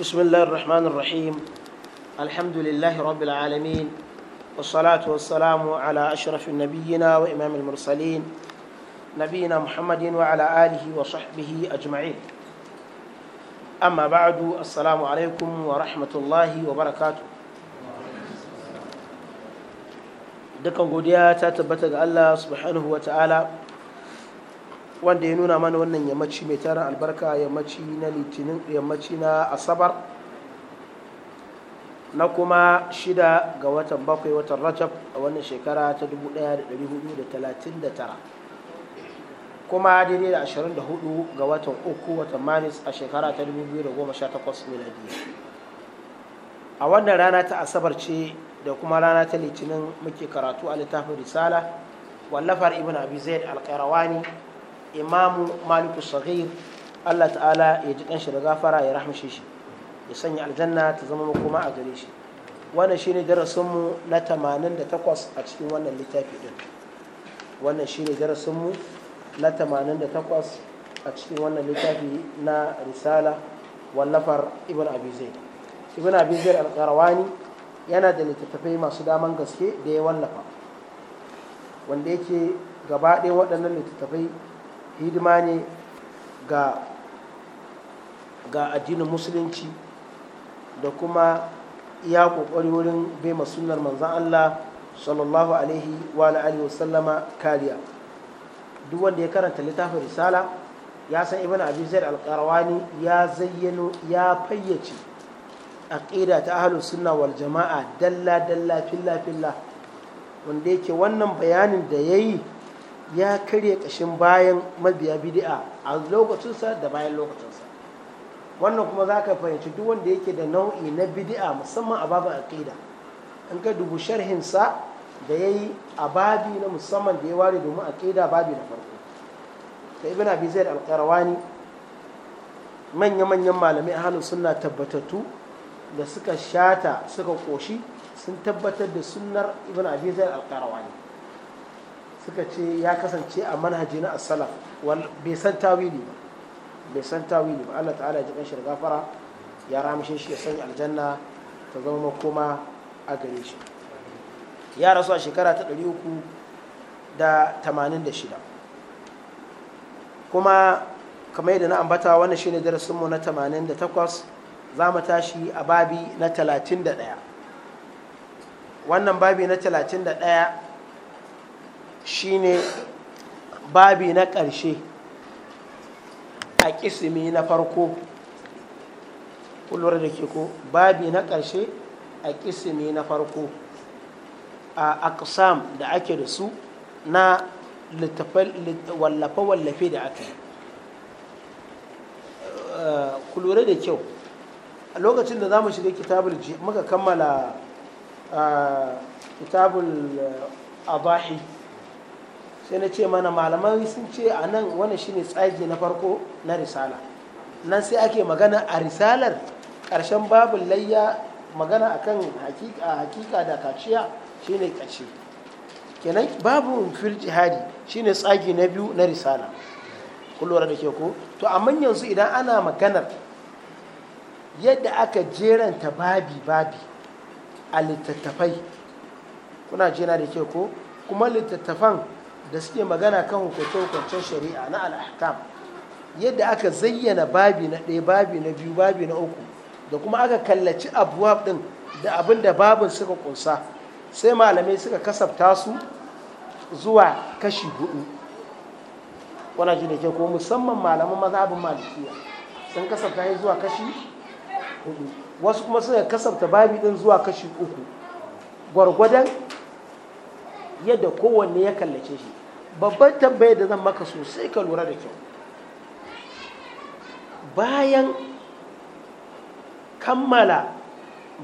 بسم الله الرحمن الرحيم الحمد لله رب العالمين والصلاة والسلام على أشرف النبينا وإمام المرسلين نبينا محمد وعلى آله وصحبه أجمعين أما بعد السلام عليكم ورحمة الله وبركاته دكان قديا تتبتق الله سبحانه وتعالى wanda ya nuna mana wannan yammaci mai tara albarka yammaci na litinin yammaci na asabar na kuma shida ga watan bakwai watan rajab a wannan shekara ta 1439 kuma daidai da 24 ga watan uku watan manis a shekara ta 2018 miladiya a wannan rana ta asabar ce da kuma rana ta litinin muke karatu a littafin risala wallafar ibn abi zaid al-qayrawani imamu maliku sahir allah ta'ala ya ji kanshi da gafara ya rahmashe shi ya sanya aljanna ta zama makoma a gare shi wannan shine darasinmu na 88 a cikin wannan littafi din wannan shine darasinmu na 88 a cikin wannan littafi na risala wallafar ibn abi zaid ibn abi zaid al-qarawani yana da littattafai masu daman gaske da ya wallafa wanda yake gaba ɗaya waɗannan littattafai hidima ne ga ga addinin musulunci da kuma iya kokari wurin bai sunnar manzan Allah sallallahu alaihi wa alihi wa kariya duk wanda ya karanta littafin risala ya san ibn abi zaid al-qarawani ya zayyano ya fayyace aqida ta ahlus sunna wal jama'a dalla dalla filla filla wanda yake wannan bayanin da yayi ya karya kashin bayan mabiya bid'a a lokacinsa da bayan lokacinsa wannan kuma za ka fahimci duk wanda yake da nau'i na bid'a musamman a babin aqida in ka dubu sharhinsa da ya yi a babi na musamman da ya ware domin aqida babi na farko ta ibn abi zaid al-qarawani manya-manyan malamai a hannun sunna tabbatattu da suka shata suka koshi sun tabbatar da sunnar ibn abi zaid al-qarawani suka ce ya kasance a manhaji na asala bai san tawili ba bai san tawili ba Allah ta'ala ji kanshi da gafara ya ramshe shi ya sanya aljanna ta zama makoma a gare shi ya rasu a shekara ta 386 kuma kamar yadda na ambata wannan shine darasinmu na 88 za mu tashi a babi na 31 wannan babi na 31 shine babi na ƙarshe a ƙisimi na farko kullum da ke ko babi na ƙarshe a ƙisimi na farko a aksam da ake da su na wallafe-wallafe da aka yi eh, da kyau a lokacin da za mu shiga kitabul muka kammala eh, kitabul eh, abahi sai na ce mana malamai sun ce a nan wannan shine tsagi na farko na risala nan sai ake magana a risalar ƙarshen babu layya magana akan hakika da kaciya shine ƙarshe kenan babu fil jihadi shine tsagi na biyu na risala kun da ke ko to amma yanzu idan ana maganar yadda aka jeranta babi babi a littattafai kuna jina da ke ko kuma littattafan da suke magana kan hukunce-hukuncen shari'a na al'ahkam yadda aka zayyana babi na ɗaya babi na biyu babi na uku da kuma aka kallaci abuwa ɗin da abin da babin suka ƙunsa sai malamai suka kasafta su zuwa kashi hudu wana ji da ke ko musamman malaman mazhabin malikiya sun kasafta ya zuwa kashi hudu wasu kuma suka kasafta babi ɗin zuwa kashi uku gwargwadon yadda kowanne ya kallace shi babban tambayar da zan maka sosai ka lura da kyau bayan kammala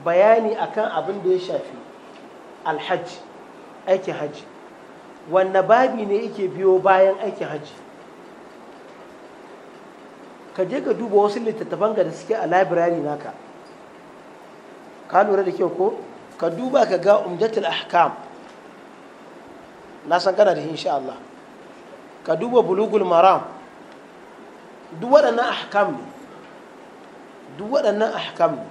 bayani akan abin da ya shafi alhaji aikin Hajji wanne babi ne yake biyo bayan aikin Hajji? ka je ka duba wasu littattafan da suke a labirari naka ka lura da kyau ko ka duba ka ga umdatul ahkam na san kana da insha Allah ka duba bulugul maram duk waɗannan ahkam ne duk waɗannan ahkam ne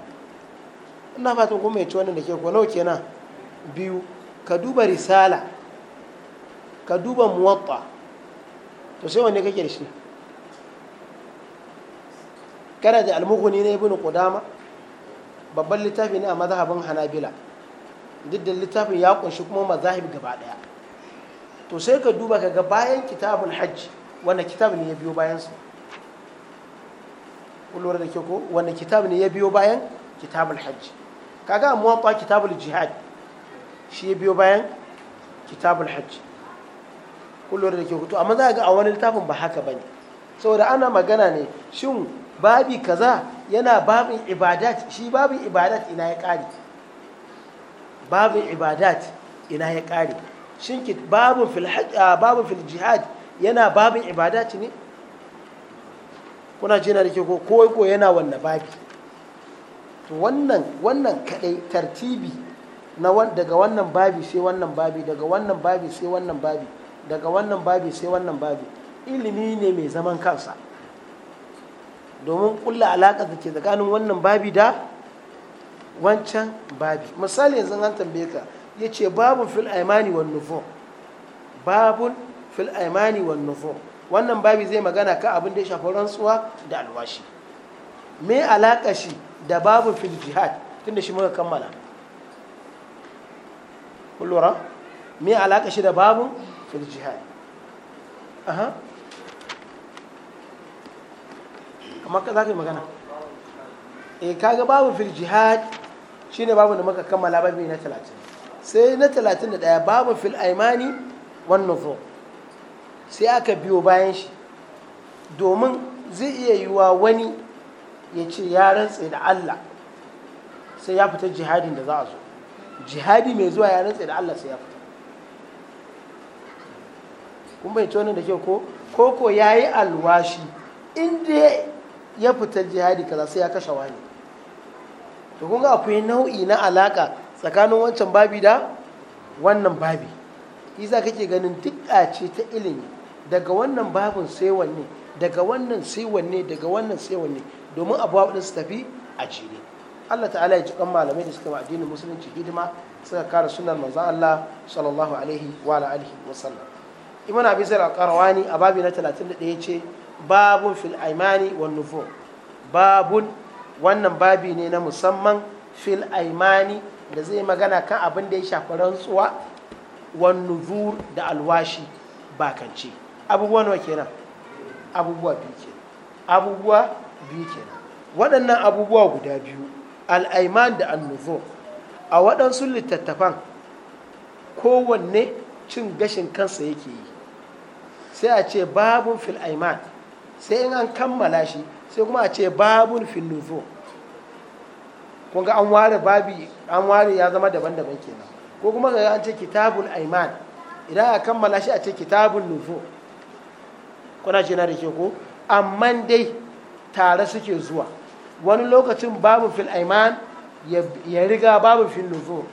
ina fatan kuma ya ci wannan da ke ko nawa kenan biyu ka duba risala ka duba muwatta to sai wanne kake da shi kana da almughni ne ibn qudama babban littafi ne a mazhabin hanabila duk da littafin ya kunshi kuma mazahib gaba daya to sai ka duba ka ga bayan kitabun hajj wanda kitab ne ya biyo bayan su kullum da ke ko wanda kitab ne ya biyo bayan kitabul hajj kaga muwatta kitabul jihad shi ya biyo bayan kitabul hajj kullum da ke ko to amma za ga a wani littafin ba haka bane saboda ana magana ne shin babi kaza yana babin ibadat shi babin ibadat ina ya kare babin ibadat ina ya kare shinki babun fil ah, babun fil jihad yana babin ibada ce ne kuna jina da ke ko ko yana wannan babi to wannan wannan kadai tartibi daga wannan babi sai wannan babi daga wannan babi sai wannan babi daga wannan babi sai wannan babi ilimi ne mai zaman kansa domin kulla alaƙa da ke tsakanin wannan babi da wancan babi misali yanzu an tambaye ka ya ce babun fil aimani wa nufur babun fil aimani wa nufur wannan babi zai magana ka abin da ya shafi rantsuwa da alwashi me alaƙa shi da babun fil jihad da shi muka kammala kullura me alaƙa shi da babun fil jihad aha ka za ka yi magana eh, kaga fil jihad shine da muka kammala babi na talatin. sai na 31 babu fil aimani wannan zo sai aka biyo bayan shi domin zai iya yiwa wani ya ce ya rantse da Allah sai ya fita jihadin da za a zo jihadi mai zuwa ya rantse da Allah sai ya fita kun bai wannan da ke ko koko ya yi alwashi inda ya fita jihadi kaza sai ya kashe wani to kun ga akwai nau'i na alaka tsakanin wancan babi da wannan babi isa kake ganin duk ce ta ilimi daga wannan babin sai wanne daga wannan sai wanne daga wannan sai wanne domin abuwa a su tafi a jini Allah ta'ala ya jikan malamai da suka wa addinin musulunci hidima suka kara sunan manzan Allah sallallahu alaihi wa alihi wa sallam ibn abi zar al a babi na 31 yace babun fil aimani wan nufur babun wannan babi ne na musamman fil aimani da zai magana kan abin da ya shafi rantsuwa wan nuzur da alwashi bakance abubuwa nawa kenan abubuwa biyu kenan abubuwa biyu kenan waɗannan abubuwa guda biyu al'aiman da annuzur a waɗansu littattafan kowanne cin gashin kansa yake yi sai a ce babun fil aiman sai in an kammala shi sai kuma a ce babun fil nuzo kun ga an ware babi an ware ya zama daban-daban kenan ko kuma ga an ce kitabul aiman idan a kammala shi a ce kitabul nufu kuna ce na da ke ko amma dai tare suke zuwa wani lokacin babu fil aiman ya riga babu fil nuzur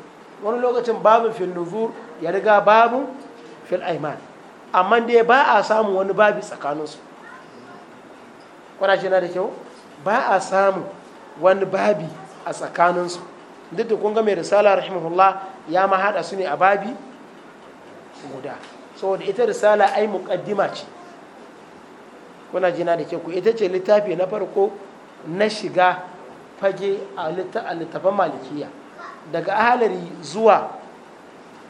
wani lokacin babu fil nuzur ya riga babu fil aiman amma dai ba a samu wani babi tsakaninsu kuna ce na da kyau ba a samu wani babi a tsakaninsu duk da kun ga mai risala rahimahullah ya ma hada su ne a babi guda saboda ita risala ai muqaddima ce kuna jina da ke ku ita ce littafi na farko na shiga fage a littafan malikiya daga ahalari zuwa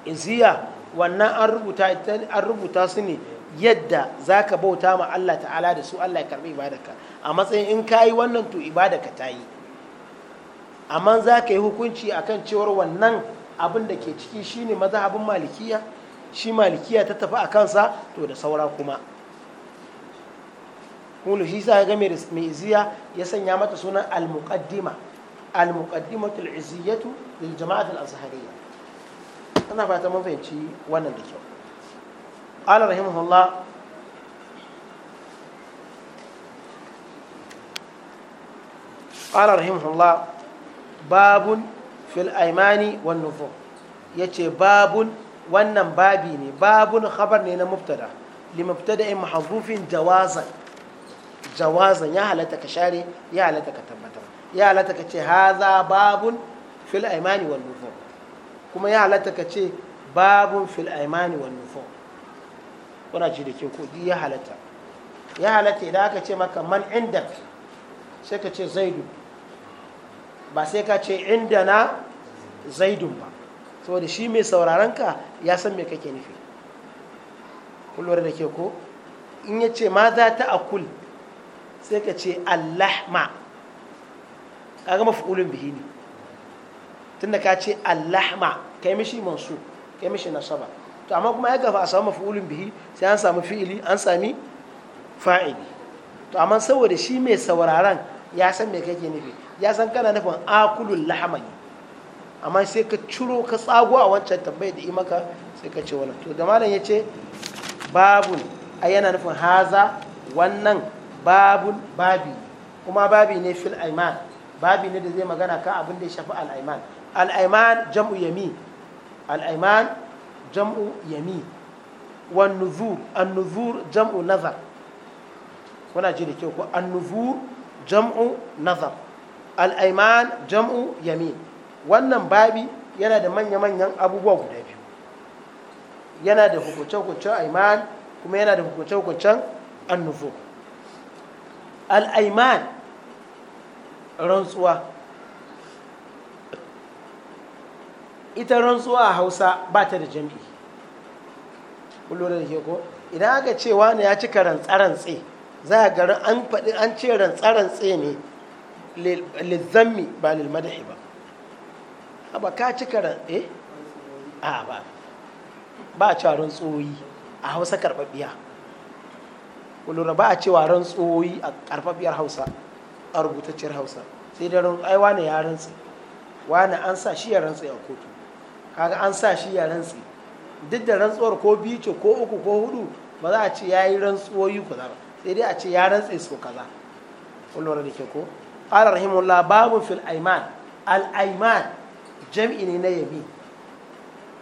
iziya wannan an rubuta su ne yadda za ka bauta ma Allah ta'ala da su Allah ya karbi ibadarka a matsayin in ka yi wannan to ibadarka ta yi amma za ka yi hukunci kan cewar wannan abin da ke ciki shine mazhabin malikiya shi malikiya ta tafi a kansa to da saura kuma kuma shi sa ga mai iziya ya sanya mata sunan al-muqaddima al-muqaddimatul iziyatu lil al azhariyya ana fata mun fahimci wannan da kyau qala rahimahullah قال رحمه babun fil aimani wan nufur yace babun wannan babi ne babun khabar ne na mubtada li mubtada'in mahdhufin jawazan jawazan ya halatta ka share ya halatta ka tabbatar ya halatta ka ce haza babun fil aimani wan nufur kuma ya halatta ka ce babun fil aimani wan nufur kuna ji da ke ko ya halatta ya halatta idan aka ce maka man inda sai ka ce zaidu ba sai ka ce inda na zaidun ba saboda shi mai sauraron ya san me kake nufi kullum da ke ko in ya ce ma za ta akul sai ka ce allahma kaga mafulun bihi ne da ka ce ka kai mishi mansu kai mishi nasaba to amma kuma ya gafa a samu mafulun bihi sai an samu fi'ili an sami fa'ili to amma saboda shi mai sauraron ya san me kake nufi ya san kana nufin akulul lahamani amma sai ka ciro ka tsago a wancan tambayar da imaka sai ka ce wani to da malam ya ce babun a yana nufin haza wannan babun babi kuma babi ne fil aiman babi ne da zai magana ka abin da ya shafi al'aiman al'aiman jam'u yami al'aiman jam'u yami wan nuzur an jam'u nazar kuna ji da kyau ko an jam'u nazar al'aiman jam'u yamin wannan babi yana da manya-manyan abubuwa guda biyu yana da hukunce-hukuncen aiman kuma yana da hukunce-hukuncen annufo al'aiman rantsuwa ita rantsuwa a hausa ba ta da jam'i kullum da ke ko idan aka ce wani ya cika rantsa-rantsa za a garin an faɗi an ce ran rantsa ne lizzanmi ba lilmadahi ba ba ka cika eh a ba ba a cewa tsoyi a hausa karɓaɓɓiya kulura ba a cewa tsoyi a karɓaɓɓiyar hausa a rubutacciyar hausa sai da ai wane ya rantsi wane an sa shi ya rantsi a kotu kaga an sa shi ya rantsi duk da rantsuwar ko biyu ce ko uku ko hudu ba za a ce ya yi rantsuwoyi ku ba sai dai a ce ya rantse su kaza kun lura da ke ko qala rahimullah babun fil aiman al aiman jam'i ne na yamin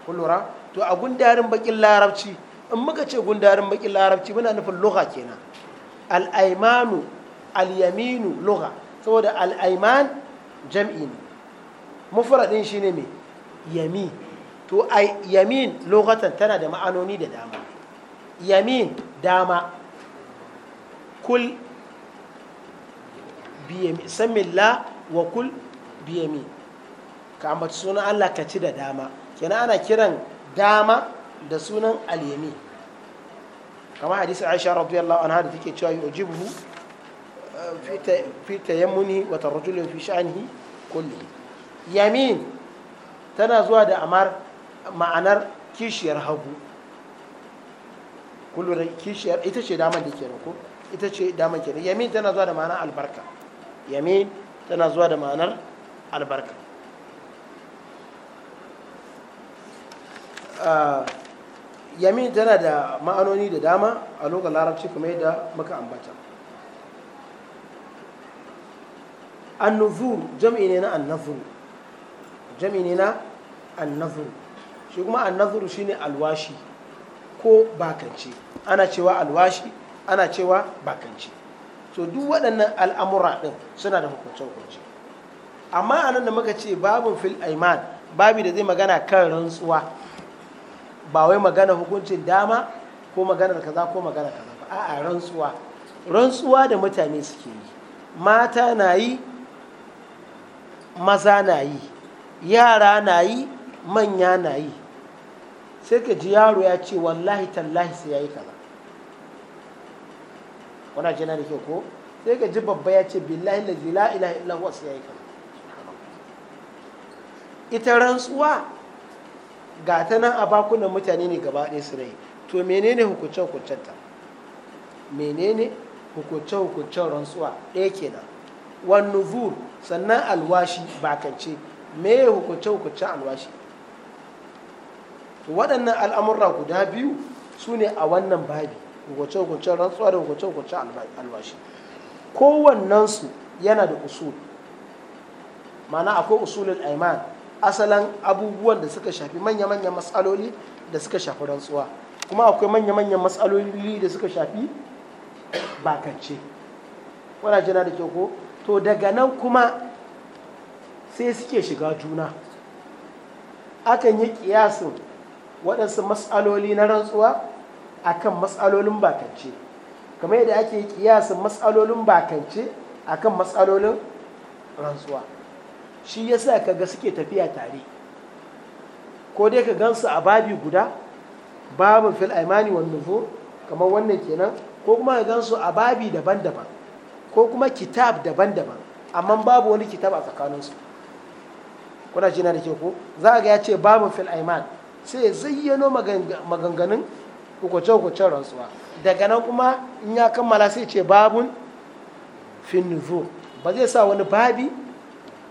kun lura to a gundarin bakin larabci in muka ce gundarin bakin larabci muna nufin lugha kenan al al'yaminu al yaminu lugha saboda al aiman jam'i ne mufradin shine me yami to ai yamin lokacin tana da ma'anoni da dama yamin dama kul biyami samilla wa kul biyami ka ambaci sunan Allah ka ci da dama kenan ana kiran dama da sunan alyami kamar hadisi Aisha radiyallahu anha da take cewa yujibuhu fi tayammuni wa fi kulli yamin tana zuwa da amar ma'anar kishiyar hagu kullu kishiyar ita ce daman da ke ko ita ce damar kenan yamin tana zuwa da ma'anar albarka yamin tana zuwa da ma'anar albarka ah, yamin tana da ma'anoni da dama a lokacin larabci kuma yadda muka ambata annuzur jam'i ne na annazur jam'i ne na annazur shi kuma shi shine alwashi ko bakance ana cewa alwashi ana cewa bakanci so duk waɗannan al'amura ɗin suna da hukunce-hukunce amma a nan da muka ce babin fil aiman babi da zai magana kan rantsuwa ba wai magana hukuncin dama ko magana kaza ko magana kaza ba a'a rantsuwa rantsuwa da mutane suke yi mata na yi maza na yi yara na yi manya na yi sai ka ji yaro ya ce wallahi tallahi sai ya yi kaza wana jina da ke ko sai ka ji babba ya ce billahi lazi zila ila illa huwa sai yayi kan ita rantsuwa ga ta nan a bakunan mutane ne gaba ɗaya su rai to menene hukunce hukuncen ta menene hukunce hukuncen rantsuwa ɗaya kenan wan nuzur sannan alwashi bakance me hukunce hukuncen alwashi waɗannan al'amurra guda biyu su ne a wannan babi hukunce hukuncen rantsuwa da hukunce hukuncen albashi kowannensu yana da usul mana akwai usulul aiman asalan abubuwan da suka shafi manya-manyan matsaloli da suka shafi rantsuwa kuma akwai manya-manyan matsaloli da suka shafi bakance wana jina da kyau ko to daga nan kuma sai suke shiga juna akan yi kiyasin waɗansu matsaloli na rantsuwa akan matsalolin bakance kamar yadda ake kiyasin matsalolin bakance akan matsalolin rantsuwa shi yasa kaga suke tafiya tare ko dai ka gansu a babi guda babin fil aimani wa nufo kamar wannan kenan ko kuma ka gansu a babi daban-daban ko kuma kitab daban-daban amma babu wani kitab a tsakaninsu kuna jina da ke ko za ga ya ce babin fil aiman sai yi zayyano maganganun hukuce-hukucen rantsuwa daga nan kuma in ya kammala sai ce babun finnuzo ba zai sa wani babi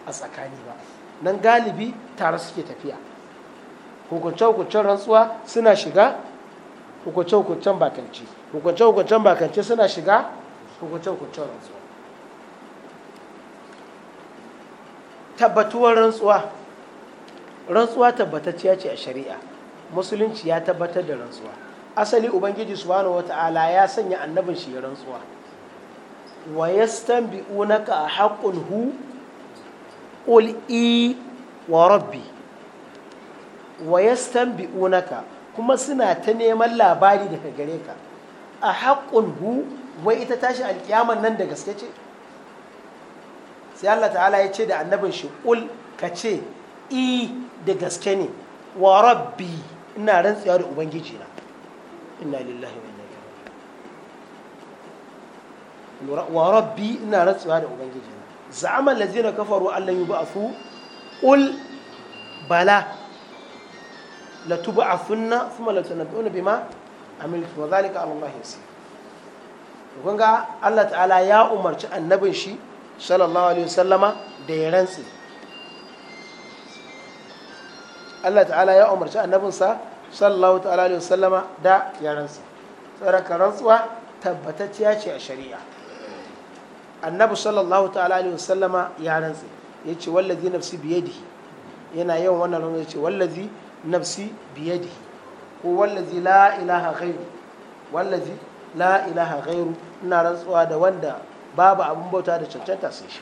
a tsakani ba nan galibi tare suke tafiya hukuce-hukucen rantsuwa suna shiga hukuce-hukucen bakanci hukuce-hukucen bakanci suna shiga hukuce-hukucen rantsuwa tabbatuwar rantsuwa rantsuwa tabbatacciya ce a shari'a musulunci ya tabbatar da rantsuwa asali ubangiji subhanahu ta'ala ya sanya annabin shi ya rantsuwa wa yastanbi'unaka haqqun hu qul i wa rabbi wa yastanbi'unaka kuma suna ta neman labari daga gare ka a haƙƙun hu wai ita tashi alƙiyaman nan da gaske ce sai Allah ta'ala ya ce da annabin shi ƙul ka ce i da gaske ne wa rabbi ina rantsuwa da ubangiji na inna lillahi wa inna ilaihi wa rabbi ina rantsuwa da ubangiji za'ama allazina kafaru allan yub'athu qul bala latub'athunna thumma latunabbi'una bima amiltu wa dhalika 'ala allahi yasir kun Allah ta'ala ya umarci annabin shi sallallahu alaihi wasallama da ya rantsi Allah ta'ala ya umarci annabinsa sallallahu ta'ala alaihi wasallama da yaransa tsaraka rantsuwa tabbatacciya ce a shari'a annabi sallallahu ta'ala alaihi wasallama ya rantsi ya ce wallazi nafsi biyadihi yana yawan wannan rantsuwa ya ce wallazi nafsi biyadihi ko wallazi la ilaha ghairu wallazi la ilaha ghairu ina rantsuwa da wanda babu abin bauta da cancanta sai shi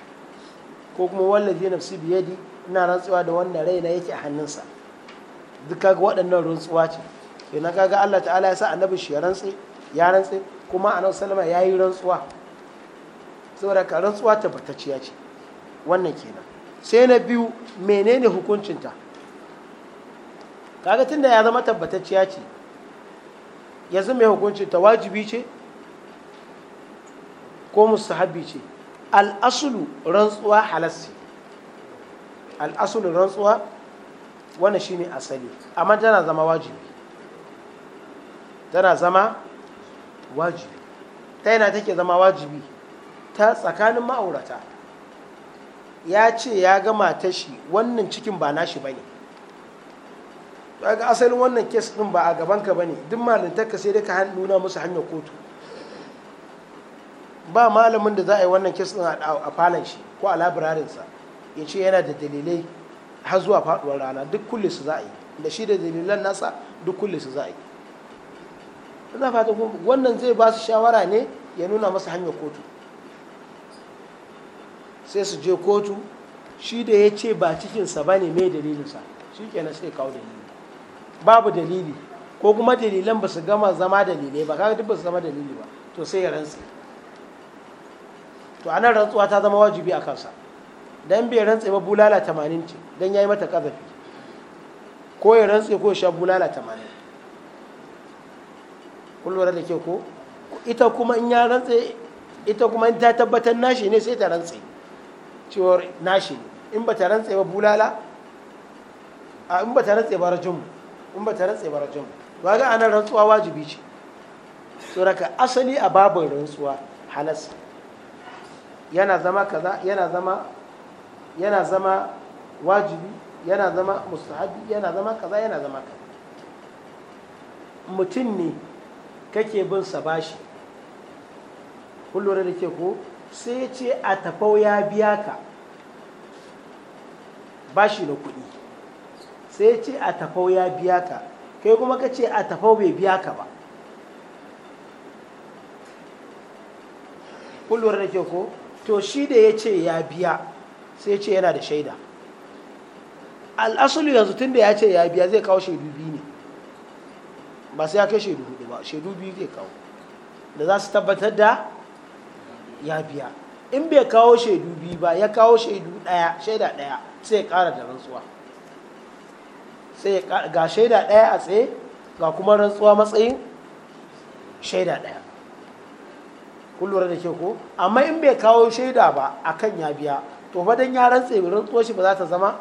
ko kuma wallazi nafsi biyadi ina rantsuwa da wanda raina yake a hannunsa duk kaga waɗannan rantsuwa ce kenan kaga Allah ta'ala ya sa annabi shi ya rantsi ya rantsi kuma annabi sallama ya yi rantsuwa saboda ka rantsuwa tabbatacciya ce wannan kenan sai na biyu menene hukuncinta kaga tunda ya zama tabbatacciya ce yanzu mai hukuncinta wajibi ce ko Habi ce al'asulu rantsuwa halassi al'asulu rantsuwa wannan shine asali amma tana zama wajibi tana zama wajibi ta yana take zama wajibi ta tsakanin ma'aurata ya ce ya gama ta shi wannan cikin ba nashi ba ne ga asalin wannan kes din ba a gabanka ba ne duk malintarka sai dai ka nuna musu hanyar kotu ba malamin da za a yi wannan kes din a falon shi ko a labirarinsa ya ce yana da dalilai har zuwa faduwar rana duk kulle su za a yi da shi da dalilan nasa duk kulle su za a yi ina fata kuma wannan zai ba su shawara ne ya nuna masa hanyar kotu sai su je kotu shi da ya ce ba cikinsa ba ne mai dalilinsa shi kenan sai kawo dalili babu dalili ko kuma dalilan ba su gama zama dalilai ba kaga duk ba su zama dalili ba to sai ya rantsi to anan rantsuwa ta zama wajibi a kansa dan bai rantse ba bulala tamanin ce dan ya yi mata kazafi ko ya rantse ko ya sha bulala tamanin kullum da ke ko ita kuma in ya rantse ita kuma in ta tabbatar nashi ne sai ta rantse cewar nashi ne in ba ta rantse ba bulala a in ba ta rantse ba rajin in ba ta rantse ba rajin ba ga anan rantsuwa wajibi ce tsoraka asali a babin rantsuwa halas yana zama kaza yana zama yana zama wajibi yana zama mustahabi yana zama kaza yana zama kaza mutum ne kake bin sa bashi kullure da ke ko sai ce a tafau ya biya ka bashi na kuɗi sai ya ce a tafau ya biya ka kai kuma ka ce a tafau bai biya ka ba kullure da ke ko to shi da ya ce ya biya sai ce yana da shaida al'asulu yanzu tun da ya ce ya biya zai kawo shaidu biyu ne ba sai ya kai shaidu hudu ba shaidu biyu zai kawo da za su tabbatar da ya biya in bai kawo shaidu biyu ba ya kawo shaidu ɗaya shaida ɗaya sai ya ƙara da rantsuwa sai ga shaida ɗaya a tsaye ga kuma rantsuwa matsayin shaida ɗaya kun da ke ko amma in bai kawo shaida ba akan ya biya to ba don ya rantse rantsuwa shi ba za ta zama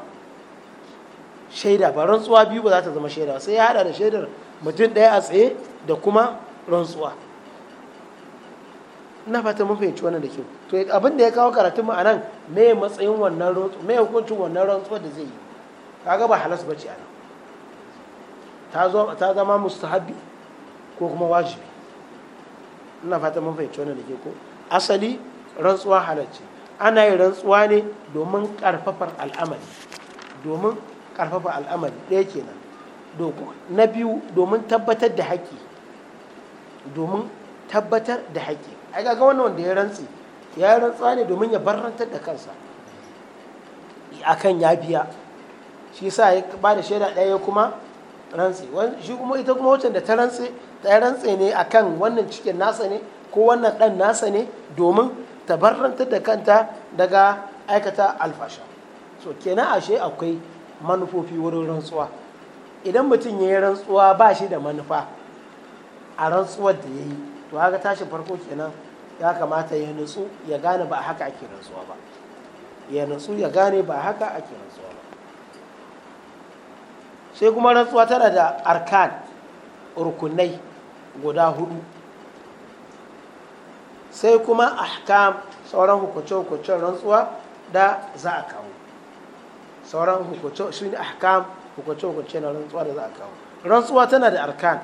shaida ba rantsuwa biyu ba za ta zama shaida sai ya hada da shaidar mutum ɗaya a tsaye da kuma rantsuwa ina fata mun fahimci wannan da kyau to abin da ya kawo karatun mu anan me matsayin wannan rantsuwa me hukuncin wannan rantsuwa da zai yi kaga ba halas bace anan ta zo ta zama mustahabi ko kuma wajibi ina fata mun fahimci wannan da ke ko asali rantsuwa halarci ana yin rantsuwa ne domin karfafar al'amari domin karfafar al'amari ɗaya kenan na biyu domin tabbatar da haƙƙi domin tabbatar da haƙƙi ai ga wannan wanda ya rantsi ya yi rantsuwa ne domin ya barantar da kansa akan ya biya shi sa ya ba da shaida ɗaya kuma rantsi shi kuma ita kuma wacce da ta rantsi ta rantsi ne akan wannan cikin nasa ne ko wannan ɗan nasa ne domin ta da kanta daga aikata alfasha so kenan ashe akwai manufofi wurin rantsuwa idan mutum ya yi rantsuwa ba shi da manufa a rantsuwar da ya yi to haka tashi farko kenan ya kamata ya nutsu ya gane ba haka ake rantsuwa ba ya nutsu ya gane ba haka ake rantsuwa ba sai kuma rantsuwa tana da arkan rukunai guda hudu sai kuma ahkam sauran hukunce-hukuncen rantsuwa da za a kawo sauran hukuce shi ne ahkam hukunce-hukunce na rantsuwa da za a kawo rantsuwa tana da arkan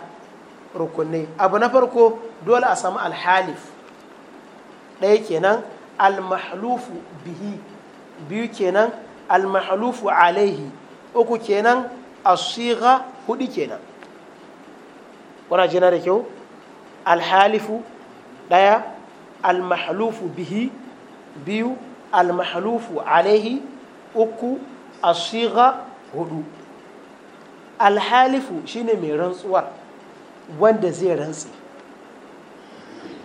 rukunai abu na farko dole a samu alhalif ɗaya kenan almahlufu bihi biyu kenan almahlufu alaihi uku kenan asiga hudu kenan kuna jina da kyau alhalifu ɗaya almahalufu bihi biyu almahalufu alaihi uku asiga hudu alhalifu shine mai rantsuwar wanda zai rantsi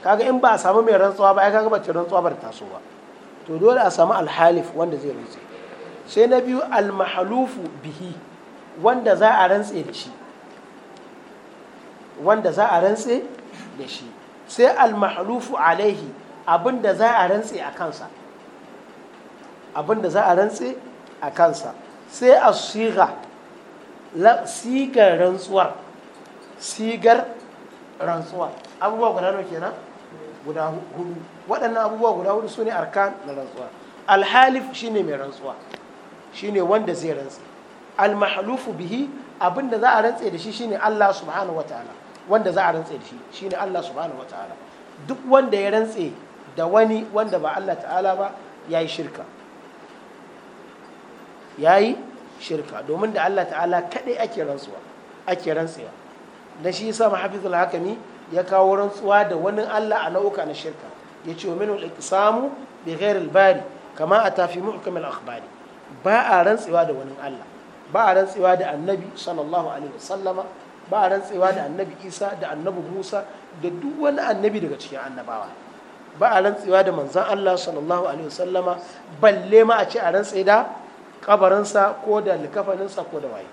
kaga in ba a samu mai rantsuwa ba ai kaga bace rantsuwa ba taso ba to dole a samu alhalif wanda zai rantsi sai na biyu almahalufu bihi wanda za a rantse da shi wanda za a rantse da shi sai almahalufu alaihi abinda za a rantse a kansa abinda za a rantse a kansa sai a siga sigar rantsuwar sigar rantsuwar abubuwa guda nawa kenan guda hudu waɗannan abubuwa guda hudu su ne arkan na rantsuwa alhalif shine mai rantsuwa shine wanda zai rantse almahalufu bihi abinda za a rantse da shi shine allah subhanahu wa ta'ala wanda za a rantse da shi shine Allah subhanahu ta'ala duk wanda ya rantse da wani wanda ba Allah ta'ala ba yayi shirka yi shirka domin da Allah ta'ala kadai ake rantsuwa ake rantsewa dan shi yasa mahafizul hakami ya kawo rantsuwa da wani Allah a nau'uka na shirka ce wa min iqsamu bi ghairil bari kama a fi muhkamil akhbari ba a rantsewa da wani Allah ba a rantsewa da annabi sallallahu alaihi wasallama ba a rantsewa da annabi isa da annabi musa da duk wani annabi daga cikin annabawa ba a rantsewa da manzan allah sallallahu alaihi wasallama balle ma a ce a rantse da kabarinsa ko da likafaninsa ko da waye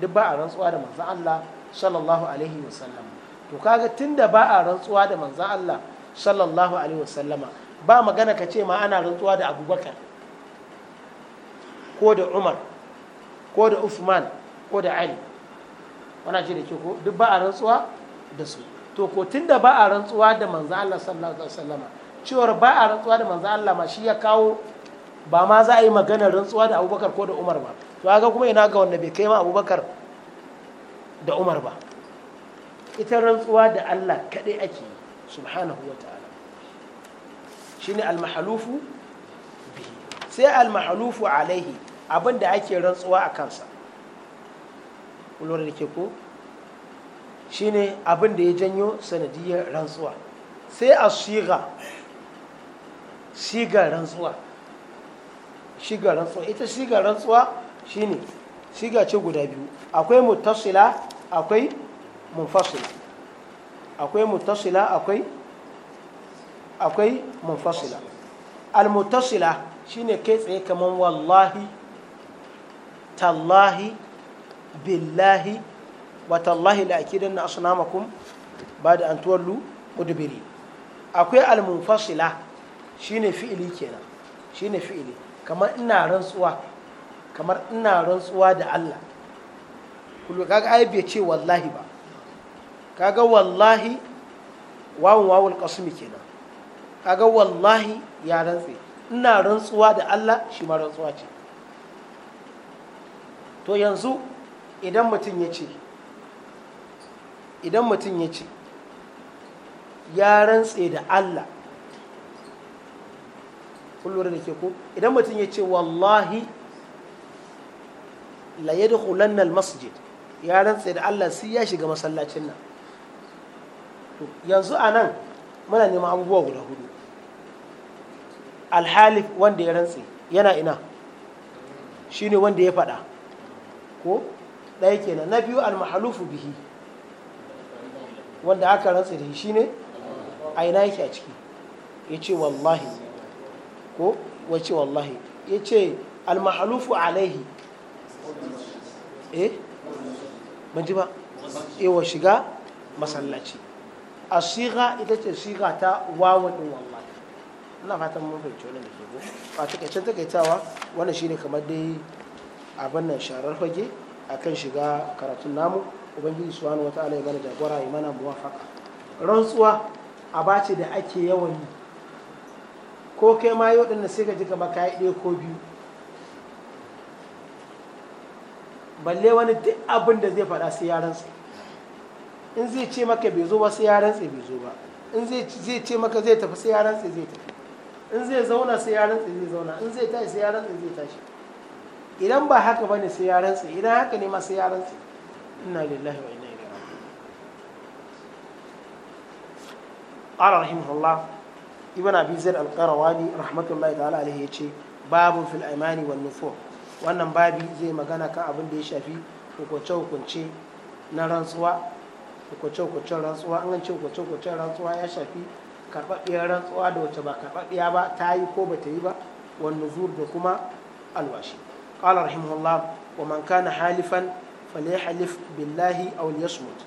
duk ba a rantsuwa da manzan allah sallallahu alaihi wasallama to kaga tunda ba a rantsuwa da manzan allah sallallahu alaihi wasallama ba magana ka ce ma ana rantsuwa da abubakar ko da umar ko da uthman ko da ali Wani ji da ke ko duk ba a rantsuwa da su to ko da ba a rantsuwa da manzo Allah sallallahu alaihi wasallam cewar ba a rantsuwa da manzo Allah ma shi ya kawo ba ma za a yi maganar rantsuwa da Abubakar ko da Umar ba to haka kuma ina ga wanda bai kai ma Abubakar da Umar ba ita rantsuwa da Allah kadai ake subhanahu wa ta'ala shine almahalufu mahalufu bihi sai almahalufu mahalufu alaihi abinda ake rantsuwa a kansa kullum da ke ko shine abin da ya janyo sanadiyar rantsuwa sai a shiga shiga rantsuwa shiga rantsuwa ita shiga rantsuwa shine shiga ce guda biyu akwai mutasila akwai munfasila akwai mutasila akwai akwai munfasila almutasila shine kai tsaye kaman wallahi tallahi billahi wa tallahi la na asnamakum da an tuwallu udubiri akwai almunfasila Shi shine fi'ili kenan shine fi'ili kamar ina rantsuwa kamar ina rantsuwa da Allah kullu kaga ai bai ce wallahi ba kaga wallahi wawun wawul qasmi kenan kaga wallahi ya rantsi ina rantsuwa da Allah shi ma rantsuwa ce to yanzu idan mutum ya ce idan mutum ya ce ya rantse da Allah kullum da ke ko idan mutum ya ce wallahi la yadkhulanna al-masjid ya rantse da Allah sai ya shiga masallacin nan yanzu a nan muna neman abubuwa guda hudu alhalif wanda ya rantse yana ina shine wanda ya faɗa ko ɗaya kenan na biyu almahalufu bihi wanda aka rantsa da shi ne a ina yake a ciki ya ce wallahi ko wace wallahi ya ce almahalufu alaihi eh ban ji ba eh, wa shiga masallaci a shiga ita ce shiga ta wawan ɗin wallahi ina fatan mun fahimci wannan da ke ko a takaicen takaitawa wannan shine kamar dai abin nan sharar fage akan shiga karatun namu ubangiji subhanahu wataala ya mana jagora ya mana muwafaka rantsuwa a ce da ake yawan yi ko kai ma yi waɗanda sai ka ji kamar ka ɗaya ko biyu balle wani duk abin da zai faɗa sai ya rantsa in zai ce maka bai zo ba sai ya rantsa bai zo ba in zai ce maka zai tafi sai ya rantsa zai tafi in zai zauna sai ya rantsa zai zauna in zai tashi sai ya rantsa zai tashi idan ba haka ba ne sai ya sai idan haka ne ma sai ya rantse inna lillahi wa ina ilaihi qala rahimahullah ibn abi zaid al-qarawani rahmatullahi ta'ala ya ce babu fil imani wan nufur wannan babi zai magana kan abin da ya shafi hukunce hukunce na rantsuwa hukunce hukuncen rantsuwa an ce hukunce hukuncen rantsuwa ya shafi karɓaɓɓiyar rantsuwa da wacce ba karɓaɓɓiya ba ta yi ko ba ta yi ba wannan zur da kuma alwashi قال رحمه الله ومن كان حالفا فليحلف بالله أو ليصمت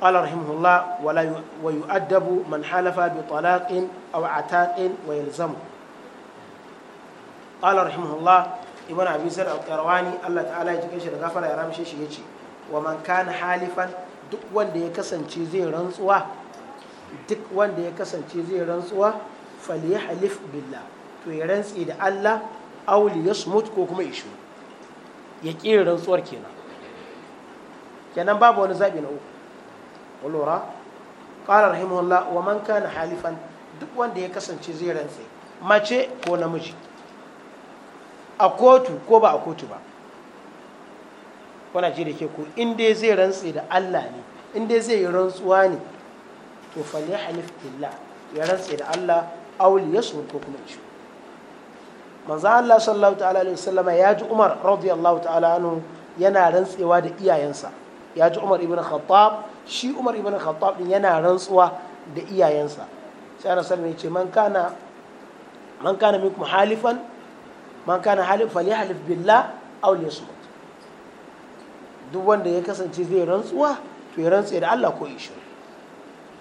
قال رحمه الله ولا ويؤدب من حلف بطلاق أو عتاق ويلزمه قال رحمه الله ابن أبي زر القرواني الله تعالى يجيش الغفر يا رامشي شيشي ومن كان حالفا duk wanda ya kasance zai rantsuwa duk wanda ya kasance zai rantsuwa fali halif billah to ya rantsi da Allah auli ya smut ko kuma ishu ya ƙi rantsuwar kenan kenan babu wani zabi na uku ƙulura ƙara rahimahullah wa man kana halifan duk wanda ya kasance zai rantse mace ko namiji a kotu ko ba a kotu ba wana ji da ke ko in dai zai rantse da Allah ne in dai zai yi rantsuwa ne to fali halif billah ya rantse da Allah auli ya ko kuma ishu manzo Allah sallallahu ta'ala alaihi wasallam ya ji Umar radiyallahu ta'ala anhu yana rantsewa da iyayensa ya ji Umar ibn Khattab shi Umar ibn Khattab din yana rantsuwa da iyayensa sai Annabi sallallahu ya ce man kana man kana minkum halifan man kana halif falyahlif billah aw liyasmut duk wanda ya kasance zai rantsuwa to ya rantse da Allah ko ishu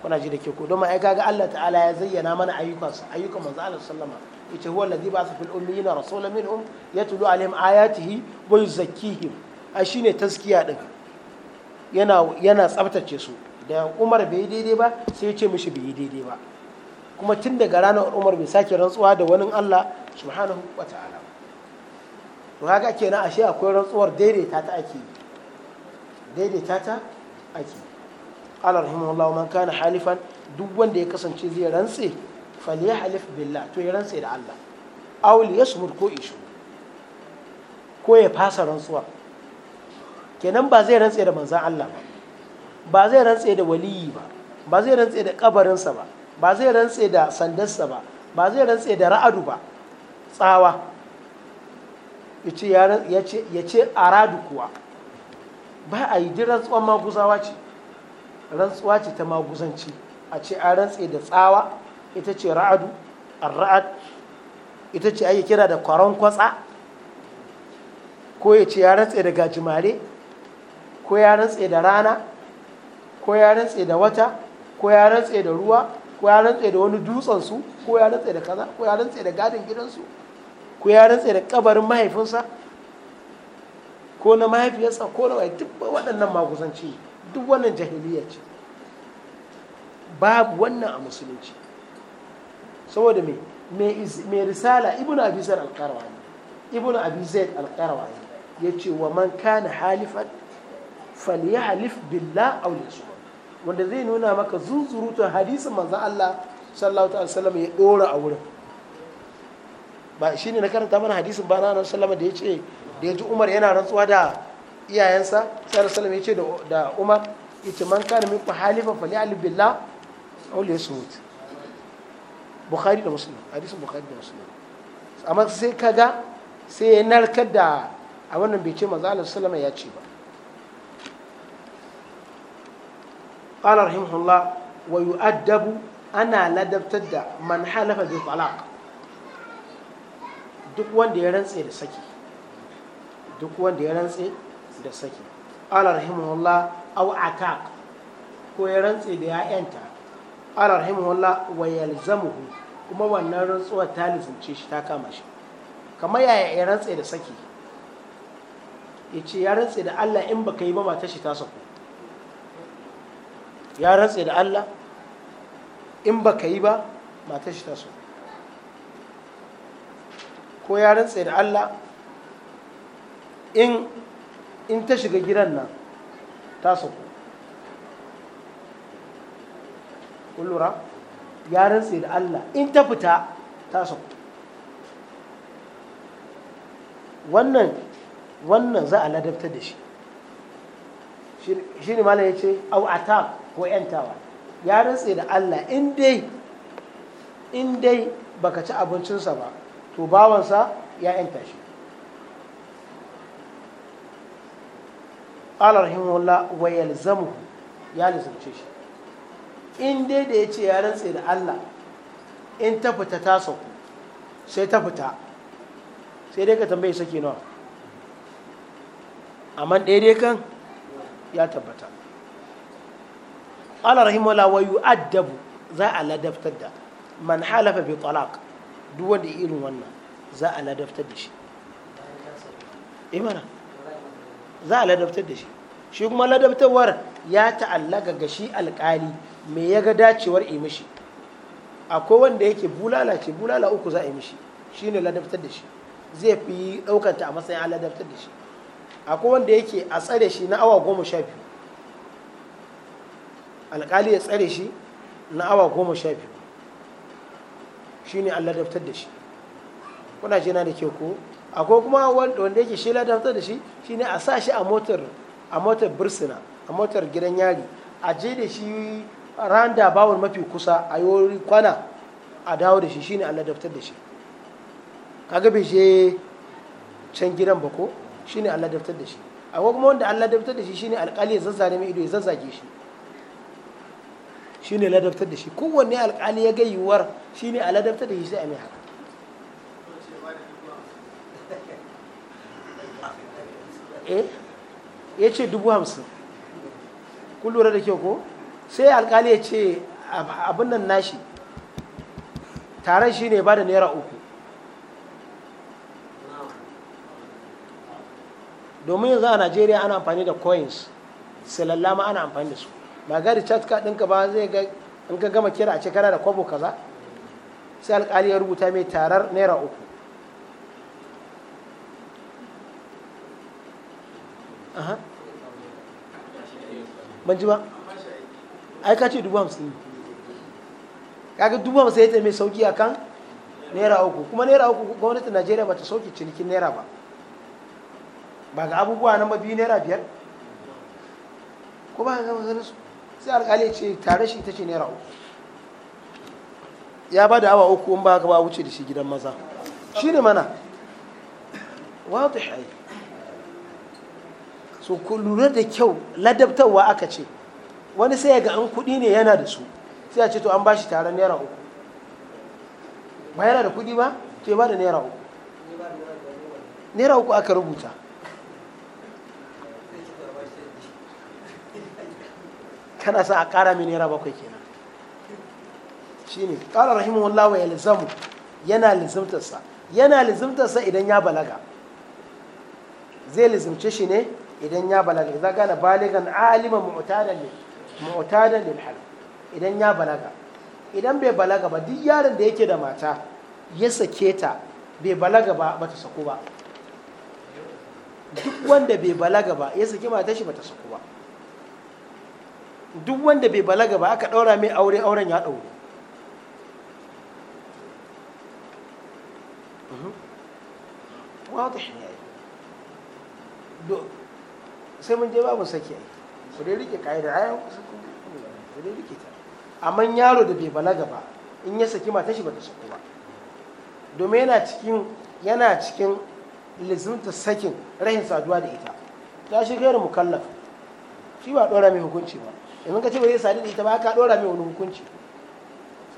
kuna ji da ke ko don ma ai kaga Allah ta'ala ya zayyana mana ayyukansa ayyukan manzo Allah sallallahu alaihi ita huwa ladhi ba'atha fil ummiyina rasulan minhum yatlu alaihim ayatihi wa yuzakkihim ai shine taskiya din yana yana tsabtace su da Umar bai daidai ba sai ya ce mishi bai daidai ba kuma tun daga ranar Umar bai sake rantsuwa da wani Allah subhanahu wa ta'ala to haka kenan ashe akwai rantsuwar daidaita ta ake daidaita ta ake Allah rahimahullahu man kana halifan duk wanda ya kasance zai rantse falyahlif billah to ya rantse da Allah ya liyasmut ko ishu ko ya fasa rantsuwa kenan ba zai rantse da manzan Allah ba ba zai rantse da waliyi ba ba zai rantse da kabarinsa ba ba zai rantse da sandarsa ba ba zai rantse da ra'adu ba tsawa ya ce a ra'du kuwa ba a yi rantsuwan maguzawa ce rantsuwa ce ta maguzanci a ce a rantse da tsawa ita ce ra'adu ar-ra'ad ita ce ake kira da kwaron kwatsa ko ya ce ya rantse da gajimare ko ya rantse da rana ko ya rantse da wata ko ya rantse da ruwa ko ya rantse da wani dutsen su ko ya rantse da kaza ko ya rantse da gadin gidansu ko ya rantse da kabarin mahaifinsa ko na mahaifiyarsa ko na wai duk waɗannan makusanci duk wannan jahiliya ce babu wannan a musulunci saboda me mai risala Ibn abi zaid al-qarawani ibnu abi zaid al-qarawani yace wa man kana halifan falyahlif billah aw liyasmut wanda zai nuna maka zuzurutun hadisin manzon Allah sallallahu alaihi wasallam ya dora a wurin ba shi ne na karanta mana hadisin ba na sallama da ya ce da ya ji umar yana rantsuwa da iyayensa sai sallama ya ce da umar ya ce man kana min ku halifa fali alibillah aule su mutu bukhari da muslim hadisin bukhari da muslim amma sai kaga sai ya narkar da a wannan bai ce manzo Allah sallama ya ce ba qala rahimahullah wa yu'addabu ana ladabtar da man halafa bi duk wanda ya rantse da saki duk wanda ya rantse da saki qala rahimahullah aw ataq ko ya rantse da ya'yanta qala rahimahullah wa yalzamuhu kuma wannan rantsuwa ta lizumce shi ta kama shi kamar yaya ya rantse da saki ya ce ya rantse da Allah in baka yi ba mata shi ta sako ya rantse da Allah in baka yi ba mata shi ta sako ko ya rantse da Allah in ta shiga gidan nan ta sako. kun lura ya rantse da Allah in ta fita ta sauko wannan wannan za a ladabtar da shi shi ne malam ya ce au atab ko yantawa ya rantse da Allah in dai in dai baka ci abincinsa ba to bawansa ya yanta shi قال رحمه الله ويلزمه يا shi. in dai da ya ce ya rantse da Allah in ta fita ta sauku sai ta fita sai dai ka tambaye saki nawa amma daidai kan ya tabbata ala rahimola wa yu'addabu za a ladabtar da man halafa bi talaq duk wanda irin wannan za a ladabtar da shi imana eh za a ladabtar da shi shi kuma ladabtarwar ya ta'allaka ga shi alƙali me ya ga dacewar yi mishi akwai wanda yake bulala ce bulala uku za a yi mishi ne ladabtar da shi zai fi ɗaukanta a matsayin an ladabtar da shi akwai wanda yake a tsare shi na awa goma sha biyu alƙali ya tsare shi na awa goma sha biyu shi ne an ladabtar da shi kuna ce na da ke ko akwai kuma wanda yake shi ladabtar da shi shi ne a sa shi a motar a birsina a motar gidan yari a je da shi ran da bawon mafi kusa a yi kwana a dawo da shi shine Allah daftar da shi kaga bai je can gidan ba ko shine Allah daftar da shi akwai kuma wanda Allah daftar da shi shine alƙali ya zazzare mai ido ya zazzage shi shine daftar da shi kowanne alƙali ya ga yiwuwar shine Allah daftar da shi sai a mai haka eh ya ce dubu hamsin kun lura da kyau ko sai alkali ya ce abin nan nashi taron shi ne ba da naira uku domin yanzu a najeriya ana amfani da coins silalla ma ana amfani da su ba ga recharge card ɗinka ba zai ga in ka gama kira a ce kana da kwabo kaza sai alkali ya rubuta mai tarar naira uku ban ji ba ai ka ce dubu hamsin ne kaga dubu hamsin ya mai sauki a kan naira uku kuma naira uku gwamnatin najeriya ba ta sauki cinikin naira ba ba ga abubuwa na mabi naira biyar ko ba ga maganin su sai alkali ce tare shi ta ce naira uku ya ba da awa uku in ba ka ba wuce da shi gidan maza shi ne mana wata hayi su ku lura da kyau ladabtarwa aka ce wani sai ga an kuɗi ne yana da su sai a ce to an bashi taron naira uku ba yana da kuɗi ba to ya ba da naira uku naira uku aka rubuta kana sa a ƙara mai naira bakwai kenan shine ƙara rahimahullah wa ya lizamu yana lizimtarsa yana lizimtarsa idan ya balaga zai lizimce shi ne idan ya balaga idan gane baligan aliman mu'tadan ne mu'tadan lil halal idan ya balaga idan bai balaga ba duk yaron da yake da mata ya sake ta bai balaga ba bata sako ba duk wanda bai balaga ba ya saki mata shi bata sako ba duk wanda bai balaga ba aka ɗaura mai aure auren ya ɗaure واضح يعني sai mun je babu ku rike ka'ida ai ku dai rike ta amma yaro da bai balaga ba in ya saki mata shi bata saku ba domin yana cikin yana cikin lizimta sakin rahin saduwa da ita ta shi gairu mukallaf shi ba dora mai hukunci ba idan ka ce ba zai sadu da ita ba ka dora mai wani hukunci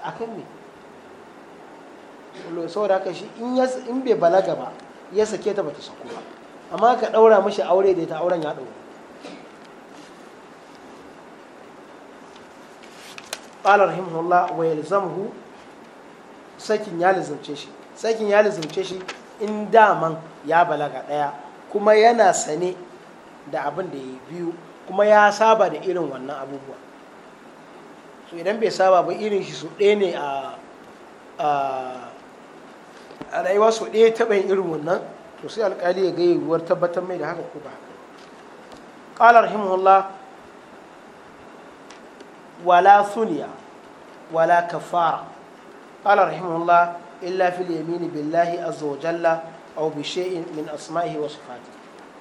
akan me saboda haka shi in bai balaga ba ya sake ta bata saku ba amma ka daura mishi aure da ita auren ya ɗaura. qala rahimahullah wa yalzamuhu sakin ya lizumce shi sakin ya lizumce shi in daman ya balaga ɗaya kuma yana sane da abin da ya biyu kuma ya saba da irin wannan abubuwa so idan bai saba ba irin shi su ɗaya ne a a rayuwa su ɗaya taɓa yin irin wannan to sai alƙali ya ga yiwuwar tabbatar mai da haka ko ba ƙalar ƙala ولا ثنيا ولا كفارة قال رحمه الله إلا في اليمين بالله عز وجل أو بشيء من أسمائه وصفاته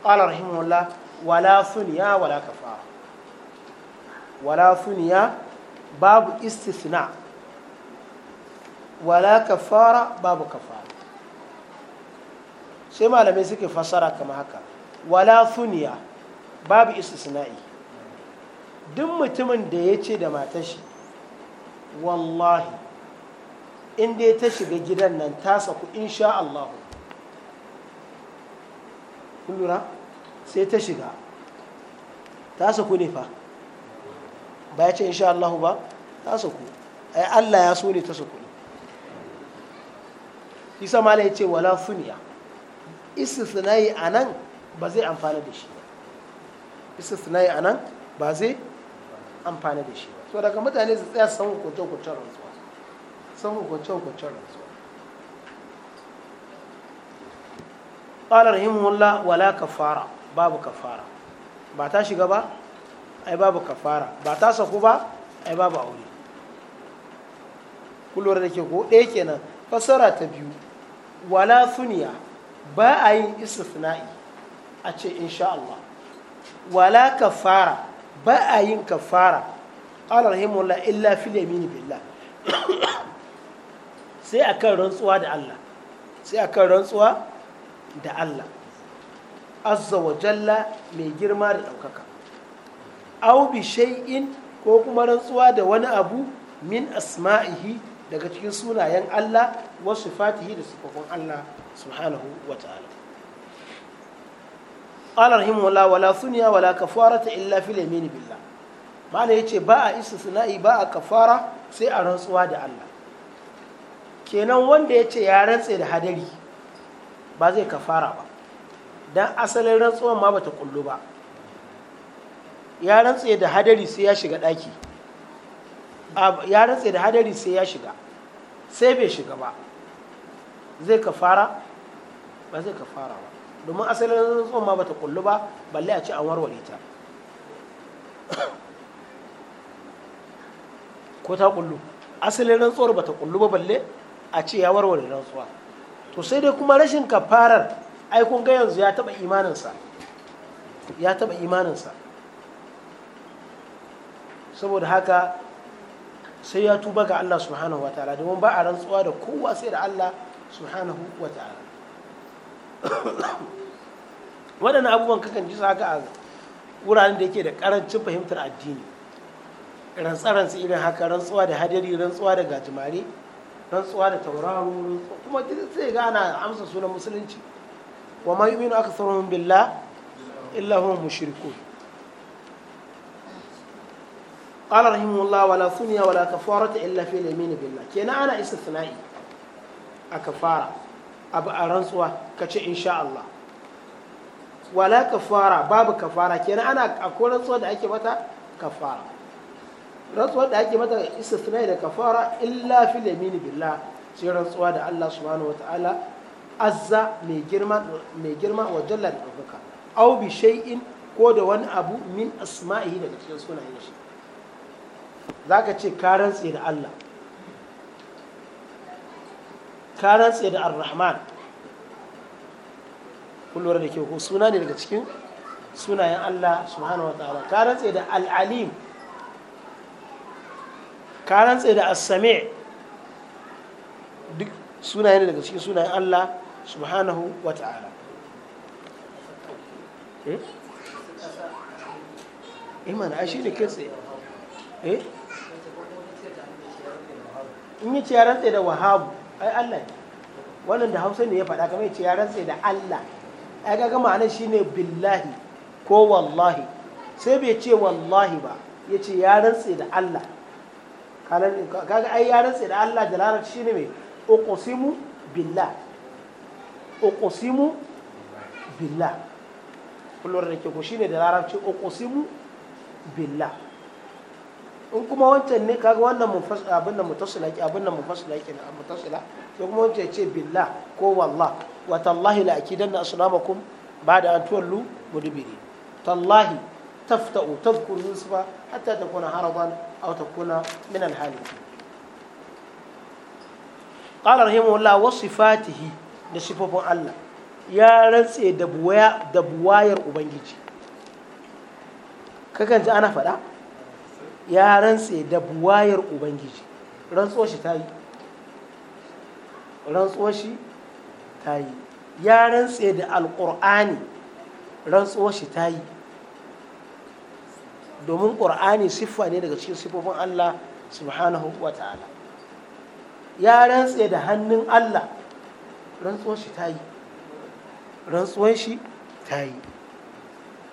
قال رحمه الله ولا ثنيا ولا كفارة ولا ثنيا باب استثناء ولا كفارة باب كفارة sai malamai suke fassara kama haka wala thuniya babu istisna'i duk mutumin da ya ce da matashi wallahi inda ya ta shiga gidan nan ta saku insha Allah kullura sai ta shiga ta saku ne fa ba ya ce insha Allah ba ta saku ai Allah ya so ne ta saku isa mala ya ce wala suniya a anan ba zai amfana da shi ba a anan ba zai amfani da shi ba so daga mutane su tsaya san hukunce hukuncen rantsuwa san hukunce hukuncen rantsuwa ƙalar himmula wala kafara babu kafara ba ta shiga ba ai babu kafara ba ta saku ba ai babu aure kullum da ke ko ɗaya kenan fasara ta biyu wala suniya ba a yin istisna'i a ce insha Allah wala kafara ba a yin kafara qala rahimullah illa fil billah sai akan rantsuwa da Allah sai rantsuwa da Allah azza wa jalla mai girma da ɗaukaka au bi shay'in ko kuma rantsuwa da wani abu min asma'ihi daga cikin sunayen Allah wasu fatihi da sufafin Allah subhanahu wa ta'ala qala rahimahullah wala suniya wala ta illa fil yamin billah mala yace ba a istisna'i ba a kafara sai a rantsuwa da Allah kenan wanda ya ce ya rantse da hadari ba zai kafara ba don asalin rantsuwan ma bata kullu ba ya rantse da hadari sai ya shiga daki ya rantse da hadari sai ya shiga sai bai shiga ba zai kafara ba zai kafara ba domin asalin rantsuwan ma bata kullu ba balle a ce an warware ta ko ta kullu asalin rantsuwar bata kullu ba balle a ce ya warware rantsuwa to sai dai kuma rashin kafarar ai kun ga yanzu ya taba imaninsa ya taba imaninsa saboda haka sai ya tuba ga Allah subhanahu ta'ala domin ba a rantsuwa da kowa sai da Allah subhanahu ta'ala waɗannan abubuwan kakan ji haka a wuraren da yake da ƙarancin fahimtar addini rantsa-rantsa irin haka rantsuwa da hadari rantsuwa da gajimare rantsuwa da tauraro kuma sai ga ana amsa sunan musulunci wa ma aka sauran billah illa illahun mushrikun qala rahimahullah wala sunya wala kafarata illa fi yamin billah kenan ana sana'i a kafara abu a rantsuwa ka ce insha Allah wala kafara babu kafara kenan ana akwai rantsuwa da ake mata kafara rantsuwa da ake mata istisna da kafara illa fil yamin billah sai rantsuwa da Allah subhanahu wataala azza mai girma mai girma wa jalla da bi shay'in ko da wani abu min asma'ihi daga cikin sunayen shi zaka ce ka rantse da Allah ka tsaye da ar-rahman kullum da ke ko suna ne daga cikin sunayen Allah subhanahu wa ta'ala ka tsaye da al-alim ka tsaye da as-sami' duk sunaye ne daga cikin sunayen Allah subhanahu wa ta'ala eh imana eh ai shine kai eh in yi ciyaran da wahabu ai Allah ne wannan da Hausa ne ya faɗa kamar ce ya rantse da Allah ai ga ma'ana shine billahi ko wallahi sai bai ce wallahi ba ya ce ya rantse da Allah kaga ai ya rantse da Allah da larabci shine mai uqsimu billah uqsimu billah kullu da ke shine da larabci uqsimu billah in kuma wancan ne kaga wannan mufas abin nan mutasila ki abin nan mufassila ke na mutasila sai kuma wancan ce billah ko wallah wa tallahi la akidanna asnamakum ba'da an tuwallu mudbiri tallahi tafta'u tadhkur yusfa hatta takuna haraban aw takuna min al-halikin qala rahimahullah wa sifatihi da sifofin Allah ya rantse da buwayar ubangiji kakan ji ana faɗa ya rantse da buwayar ubangiji rantsuwar shi ta yi rantsuwar shi ta yi ya rantse da alƙur'ani rantsuwar shi ta yi domin ƙur'ani siffa ne daga cikin siffofin Allah subhanahu wa ta'ala ya rantse da hannun Allah rantsuwar shi ta yi rantsuwar shi ta yi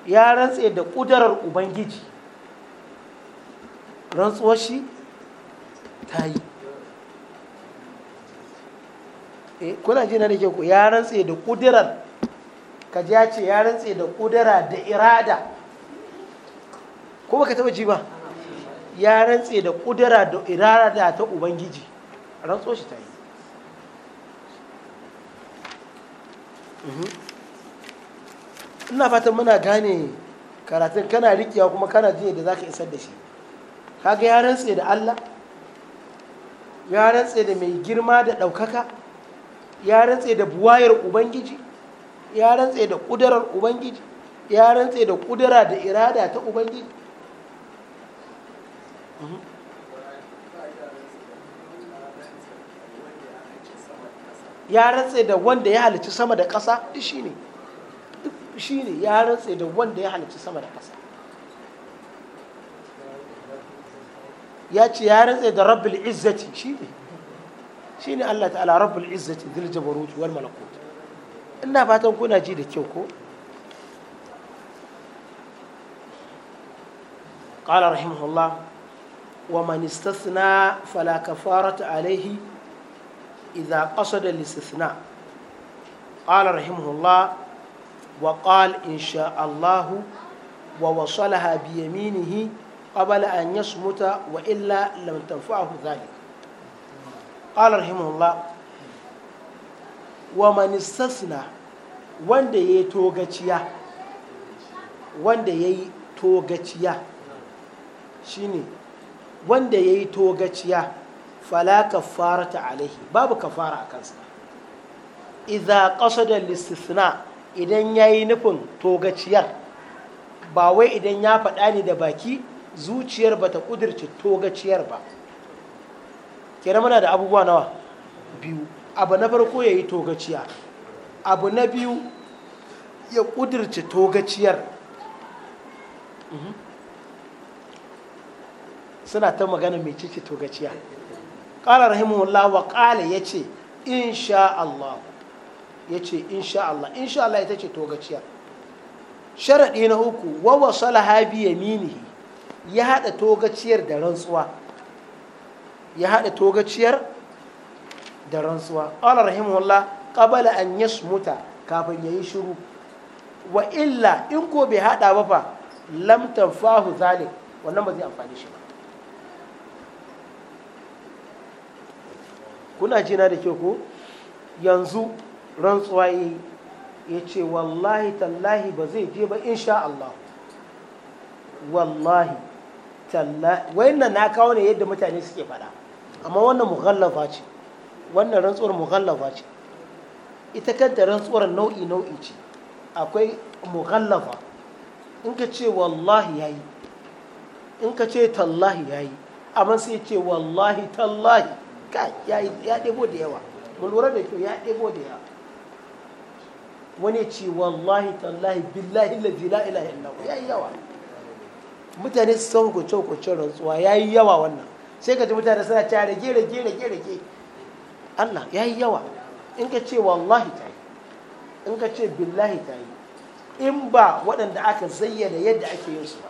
ya rantse da ƙudarar ubangiji rantsuwar shi ta yi eh, kuna ji na da ke ku ya rantse da kudirar ka ji ya ce ya rantse da kudira da irada ko baka taba ji ba ya rantse da kudira da irada ta ubangiji rantso shi ta yi mhm. ina fatan muna gane karatun kana rikiya kuma kana jin da za ka isar da shi kaga ya rantse da Allah ya rantse da mai girma da ɗaukaka ya rantse da buwayar ubangiji ya rantse da ƙudurar ubangiji ya rantse da ƙudura da irada ta ubangiji mhm. ya rantse da wanda ya halici sama da ƙasa shi ne ya rantse da wanda ya halici sama da ƙasa ya ce ya rantse da rabbul izzati shi ne shi ne Allah ta'ala rabbul izzati zil jabarut wal malakut ina fatan kuna ji da kyau ko qala rahimahullah wa man istathna fala kafarata alayhi idha qasada al-istithna qala rahimahullah wa qala insha Allah wa wasalaha bi yaminihi قبل أن يصمت وإلا لم تنفعه ذلك قال رحمه الله ومن استثنى wanda ya yi togaciya wanda ya yi togaciya shine wanda ya yi togaciya fala kafarata alaihi babu kafara a kansa idza da listisna idan yayi nufin togaciyar ba wai idan ya faɗa ne da baki zuciyar ba ta ƙudurce togaciyar ba kira mana da abubuwa nawa biyu abu na farko ya yi togaciya abu na biyu ya ƙudurce togaciyar mhm. suna ta magana mai ciki togaciya ƙala rahimahullah wa ƙala ya ce insha Allah ya ce insha Allah insha Allah ita ce togaciya sharaɗi na uku wa alhabi ya yaminihi ya haɗa togaciyar da rantsuwa ya haɗa togaciyar da rantsuwa ƙwallar rahimahullah ƙabala an ya muta kafin ya yi shiru wa illa in ko bai haɗa ba fa lamtan fahu zalik wannan ba zai amfani shi ba kuna jina da ke ko yanzu rantsuwa ya ce wallahi tallahi ba zai je ba insha Allah wallahi talla wayannan na kawo ne yadda mutane suke fada amma wannan mughallafa ce wannan rantsuwar mughallafa ce ita kanta rantsuwar nau'i nau'i ce akwai mughallafa in ka ce wallahi yayi in ka ce tallahi yayi amma sai ce wallahi tallahi ka ya ɗebo da yawa mun lura da kyau ya ɗebo da yawa wani ce wallahi tallahi billahi la ilaha illallah yayi yawa mutane su san hukunce hukunce rantsuwa ya yi yawa wannan sai ka ji mutane suna cewa rage rage rage rage Allah ya yi yawa in ka ce wallahi ta yi in ka ce billahi ta yi in ba waɗanda aka zayyana yadda ake yin su ba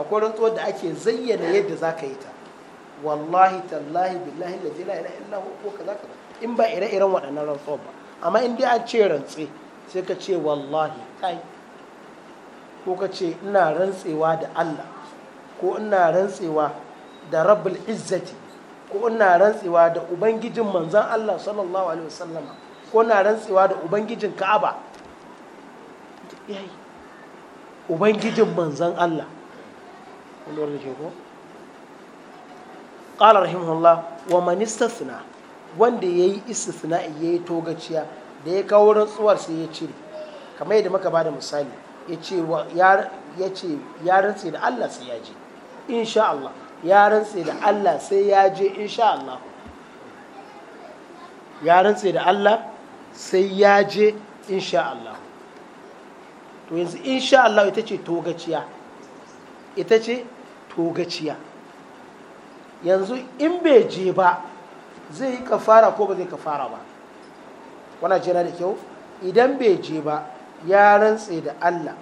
akwai rantsuwar da ake zayyana yadda za ka yi ta wallahi tallahi billahi la ilaha illa hu ko kaza kaza in ba ire-iren waɗannan rantsuwar ba amma in dai an ce rantsi sai ka ce wallahi ta yi ko ka ce ina rantsewa da Allah ko ina rantsewa da rabbul izzati ko ina rantsewa da ubangijin manzan Allah sallallahu alaihi wasallam ko ina rantsewa da ubangijin Ka'aba ubangijin manzan Allah قال رحمه الله ومن استثنى wanda yayi istisna'i yayi togaciya da ya kawo rantsuwar sai ya cire kamar yadda muka bada misali ya ce ya rantse da Allah sai ya je insha Allah ya rantse da Allah sai ya je insha Allah ya rantse da Allah sai ya je insha Allah to yanzu insha Allah ita ce togaciya ita ce togaciya yanzu in bai je ba zai yi kafara ko ba zai kafara ba wana jira da kyau idan bai je ba ya rantse da Allah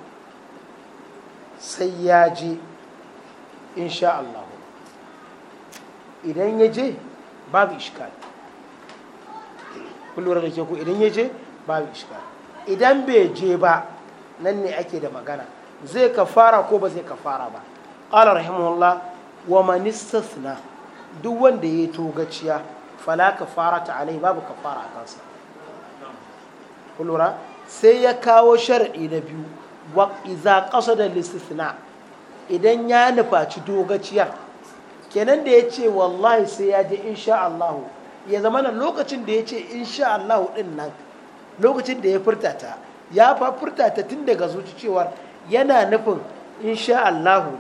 sai ya je insha Allah idan ya je babu ishkal kullum da ke ku idan ya je babu ishkal idan bai je ba nan ne ake da magana zai ka fara ko ba zai ka fara ba ƙala rahimahullah wa manistasna duk wanda ya yi togaciya fala fara ta alai babu ka fara a kansa kullura sai ya kawo shar'i na biyu wa ƙasa da listisna idan ya nufaci dogaciyar kenan da ya ce wallahi sai ya je insha Allah ya zama nan lokacin da ya ce insha Allah din nan lokacin da ya furta ta ya fa furta ta tun daga zuci cewa yana nufin insha Allah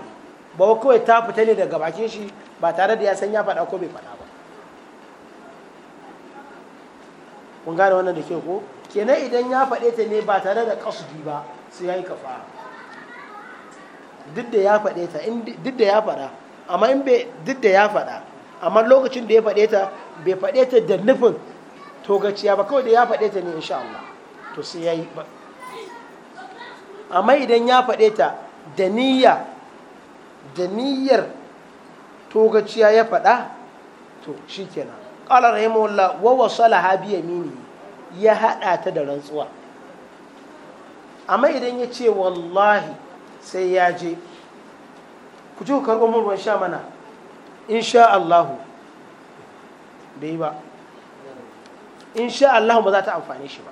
ba kawai ta fita ne daga bakin shi ba tare da ya san ya faɗa ko bai faɗa ba kun gane wannan da ko kenan idan ya faɗe ta ne ba tare da kasudi ba su yayi kafa duk da ya faɗe ta duk da ya faɗa amma in bai duk da ya faɗa amma lokacin da ya faɗe ta bai faɗe ta da nufin togaciya ba kawai da ya faɗe ta ne insha Allah to sai yayi ba amma idan ya faɗe ta da niyya da niyyar togaciya ya faɗa to shikenan qala rahimahullah wa wasala bi yaminihi ya haɗa ta da rantsuwa amma idan ya ce wallahi sai ya je ku ji ku karɓo mun ruwan sha mana insha Allahu bai ba insha Allahu ba za ta amfani shi ba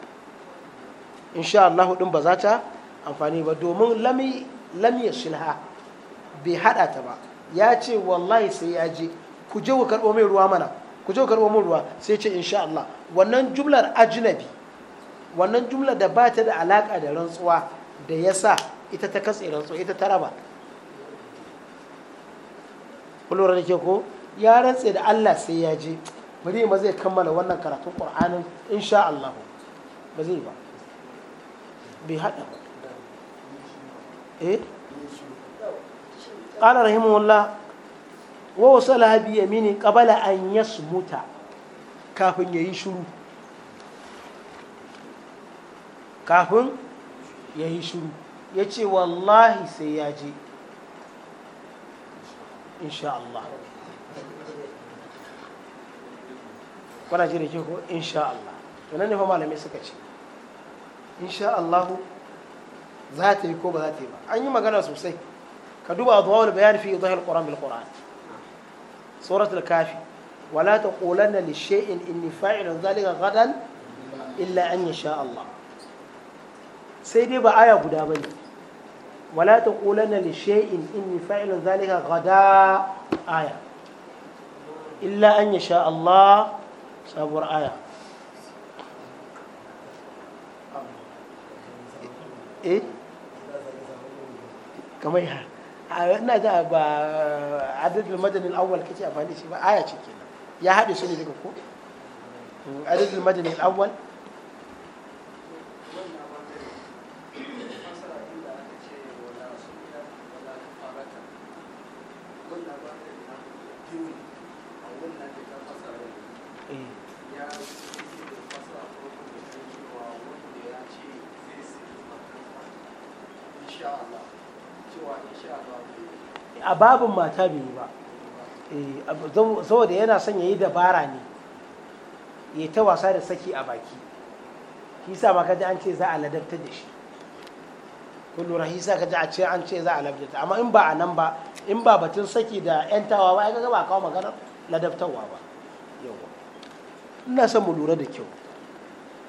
insha Allahu ɗin ba za ta amfani ba domin lamiya shilha sulha bai haɗa ta ba ya ce wallahi sai ya je ku je ku karɓo mai ruwa mana ku je karɓo min ruwa sai ce insha Allah wannan jumlar ajnabi wannan jumlar da ba ta da alaƙa da rantsuwa da ya sa ita ta katse rantsuwa ita ta raba kullum da ke ko ya rantse da Allah sai ya je bari ma zai kammala wannan karatun Qur'anin insha Allah ba zai ba bai hada eh قال رحمه الله wa wasalaha bi mini qabala an yasmuta kafin ya yi shiru kafin ya yayi shiru ce wallahi sai ya je insha Allah kwana ji da ke ko insha Allah to nan ne fa malamai suka ce insha Allah za ta yi ko ba za ta yi ba an yi magana sosai ka duba zuwa bayani fi zahir Qur'an bil Qur'an suratul kafi wala taqulanna li shay'in inni fa'ilun zalika gadan illa an yasha Allah sai dai ba aya guda bane wala taqulanna li shay'in inni fa'ilun zalika gada aya illa an yasha Allah sabuwar aya ina da ba adadul madani al-awwal kace amfani da shi ba aya ce kenan ya haɗe su ne ko adadul madani awwal a babin mata bai ba eh, saboda yana son ya yi dabara ne ya ta wasa da saki a baki shi sa ma kaji an ce za a ladabta da shi kullum rahi sa kaji a ce an ce za a ladabta amma in ba a nan ba in ba batun saki da yantawa ba ya ga ba kawo magana ladabtarwa ba yawa ina son mu lura da kyau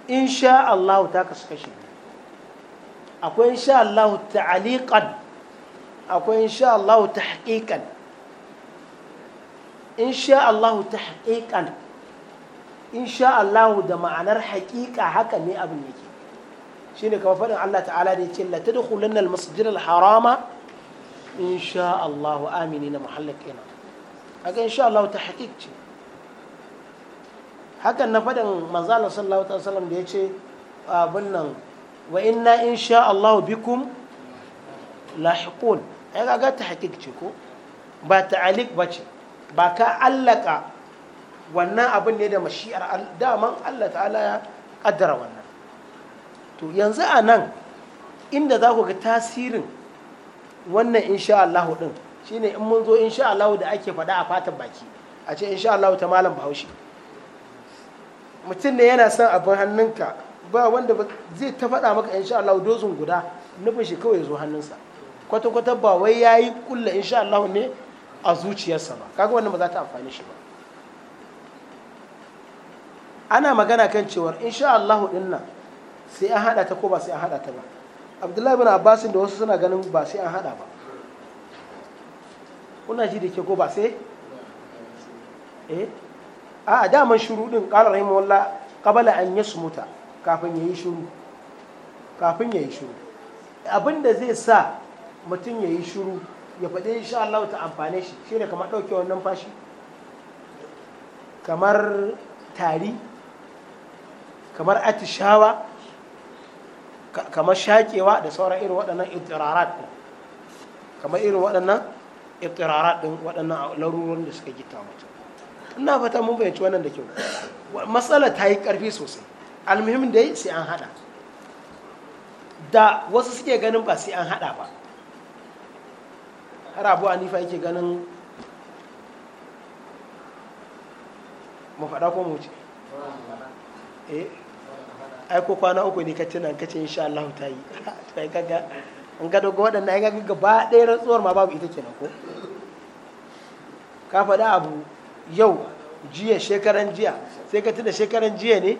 in sha Allah ta kasu akwai in sha Allah ta'aliqan akwai insha Allah ta haƙiƙan insha Allah ta haƙiƙan insha Allah da ma'anar haƙiƙa haka ne abin yake shi ne kama faɗin Allah ta'ala da ya ce la tadkhulanna al-masjid al-harama insha Allah aminina muhallaqina haka insha Allah ta haƙiƙ hakan na faɗin manzo Allah sallallahu alaihi wasallam da ya ce abin nan wa inna insha Allah bikum lahiqun ya ga ta hakik ce ko ba ta alik ba ce ba ka allaka wannan abin ne da mashi'ar daman allah ta'ala ya kaddara wannan to yanzu a nan inda za ku ga tasirin wannan insha allahu din shine in mun zo insha allahu da ake faɗa a fatan baki a ce insha allahu ta malam bahaushe mutum ne yana son abin hannunka ba wanda zai ta faɗa maka insha allahu dozin guda nufin shi kawai zo hannunsa kwata-kwata ba wai ya yi kulla insha Allah ne a zuciyarsa ba kaga wannan ba za ta amfani shi ba ana magana kan cewar insha Allah din nan sai an hada ta ko ba sai an hada ta ba Abdullahi bin Abbas da wasu suna ganin ba sai an hada ba kuna ji da ke ko ba sai eh a daman shuru din qala rahimahullah qabala an yasmuta kafin yayi shuru kafin yayi shuru abinda zai sa mutum ya yi shuru ya faɗi insha Allah ta amfane shi ne kamar wannan fashi kamar tari kamar atishawa kamar shakewa da sauran irin waɗannan iftirarat ɗin kamar irin waɗannan iftirarat ɗin waɗannan larurorin da suka gita mutum ina fata mun fahimci wannan da kyau matsala ta yi ƙarfi sosai almuhim dai sai an haɗa da wasu suke ganin ba sai an haɗa ba har abu nifa yake ganin mu faɗa ko mu eh ai ko kwana uku ne kace nan kace insha Allah ta yi to ai kaga in ga dogo ai kaga gaba ɗaya rantsuwar ma babu ita kenan ko ka faɗa abu yau jiya shekaran jiya sai ka tuna shekaran jiya ne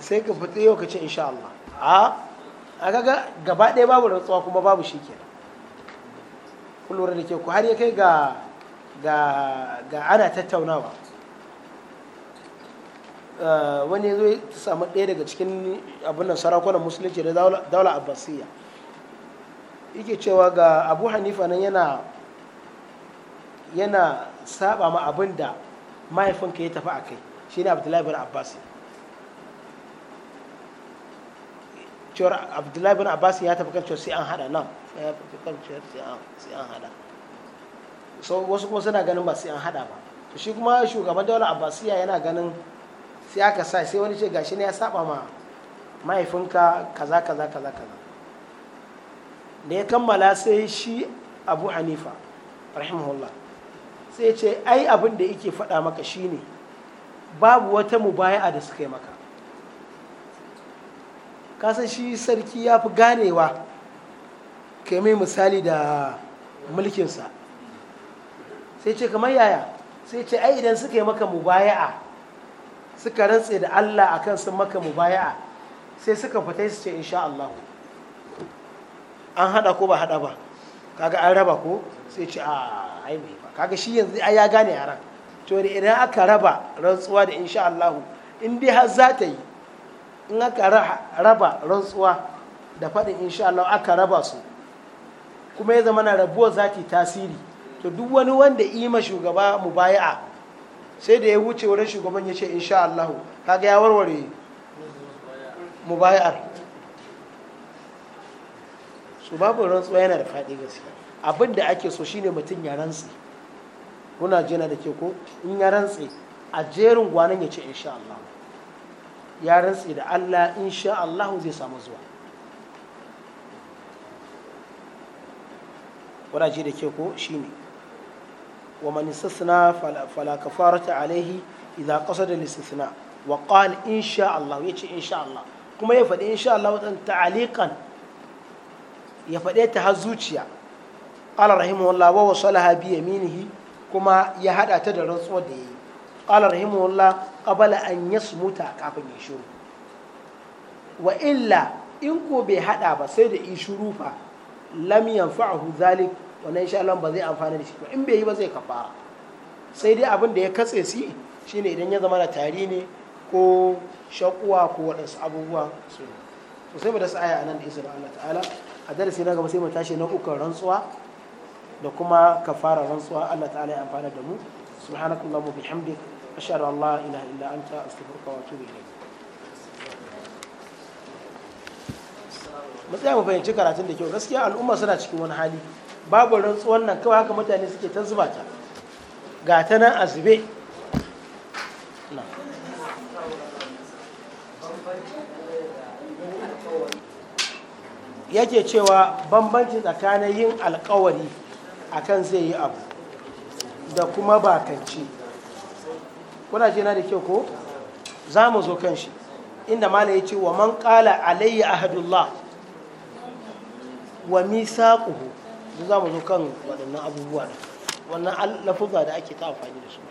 sai ka fito yau kace insha Allah a a kaga gaba ɗaya babu rantsuwa kuma babu shi kenan ku da ke ku har ya kai ga ga ana tattaunawa eh, wani zai samu ɗaya daga cikin abin sarakunan musulunci da daula abbasiyya yake cewa ga abu hanifa nan yana yana saba ma abin da mahaifinka ya tafi a kai shi ne abdullahi bin abbas cewar abdullahi bin abbas ya tafi kan cewa sai an hada nan haka ya fi kwanciyar sai an hada so wasu kuma suna ganin ba sai an hada ba to shi kuma shugaban daular abbasiya yana ganin sai aka sa sai wani ce gashi ne ya saba ma mahaifinka kaza kaza kaza kaza da ya kammala sai shi abu hanifa rahimahullah sai ce ai abin da yake faɗa maka shine babu wata mu baya a da suka yi maka kasan shi sarki ya fi ganewa yi mai misali da mulkinsa sai ce kamar yaya sai ce ai idan suka yi maka mubaya'a suka rantse da Allah akan sun maka mubaya'a sai suka fita su ce insha Allah an hada ko ba hada ba kaga an raba ko sai ce a ai ba kaga shi yanzu ai ya gane yaran to idan aka raba rantsuwa da insha Allah in dai har za ta yi in aka raba rantsuwa da faɗin insha Allah aka raba su kuma ya zama na rabuwar za ta tasiri to duk wani wanda ima shugaba mu baya'a sai da ya wuce wurin shugaban ya ce insha Allah kaga ya warware mu baya'ar su babu rantsuwa yana da faɗi gaskiya abin da ake so shine mutum ya rantsi kuna jina da ke ko in ya rantsi a jerin gwanan ya ce insha Allah ya rantsi da Allah insha Allah zai samu zuwa Wana ji da ke ko ne wa man istasna fala alaihi idza kasa da istisna wa qala insha Allah insha Allah kuma ya faɗi insha Allah dan ya faɗe ta har zuciya qala Allah wa wasalaha bi yaminihi kuma ya hada ta da rantsuwar da yayi qala Allah ƙabala an yasmuta kafin ya shiru wa illa in ko bai hada ba sai da ishuru fa lam yanfa'ahu zalik wannan insha Allah ba zai amfana da shi ba in bai yi ba zai kafara sai dai abin da ya katse shi shine idan ya zama da tari ne ko shakuwa ko waɗansu abubuwa su to sai mu dasa aya anan da izinin Allah ta'ala a darasi na gaba sai mu tashi na ukun rantsuwa da kuma kafara rantsuwa Allah ta'ala ya amfana da mu subhanakallahumma bihamdik ashhadu an la ilaha illa anta astaghfiruka wa atubu ilayk mu tsaya mu fahimci karatun da kyau gaskiya al'umma suna cikin wani hali babu rantsuwan nan kawai haka mutane suke ta zuba ta ga ta nan a zube yake cewa bambanci tsakanin yin alkawari akan zai yi abu da kuma bakanci kuna ce da kyau ko za mu zo kan shi inda mala ya ce wa man kala alayya ahadullah wa misaquhu duk za mu zo kan waɗannan abubuwa wannan lafuza da ake ta amfani da su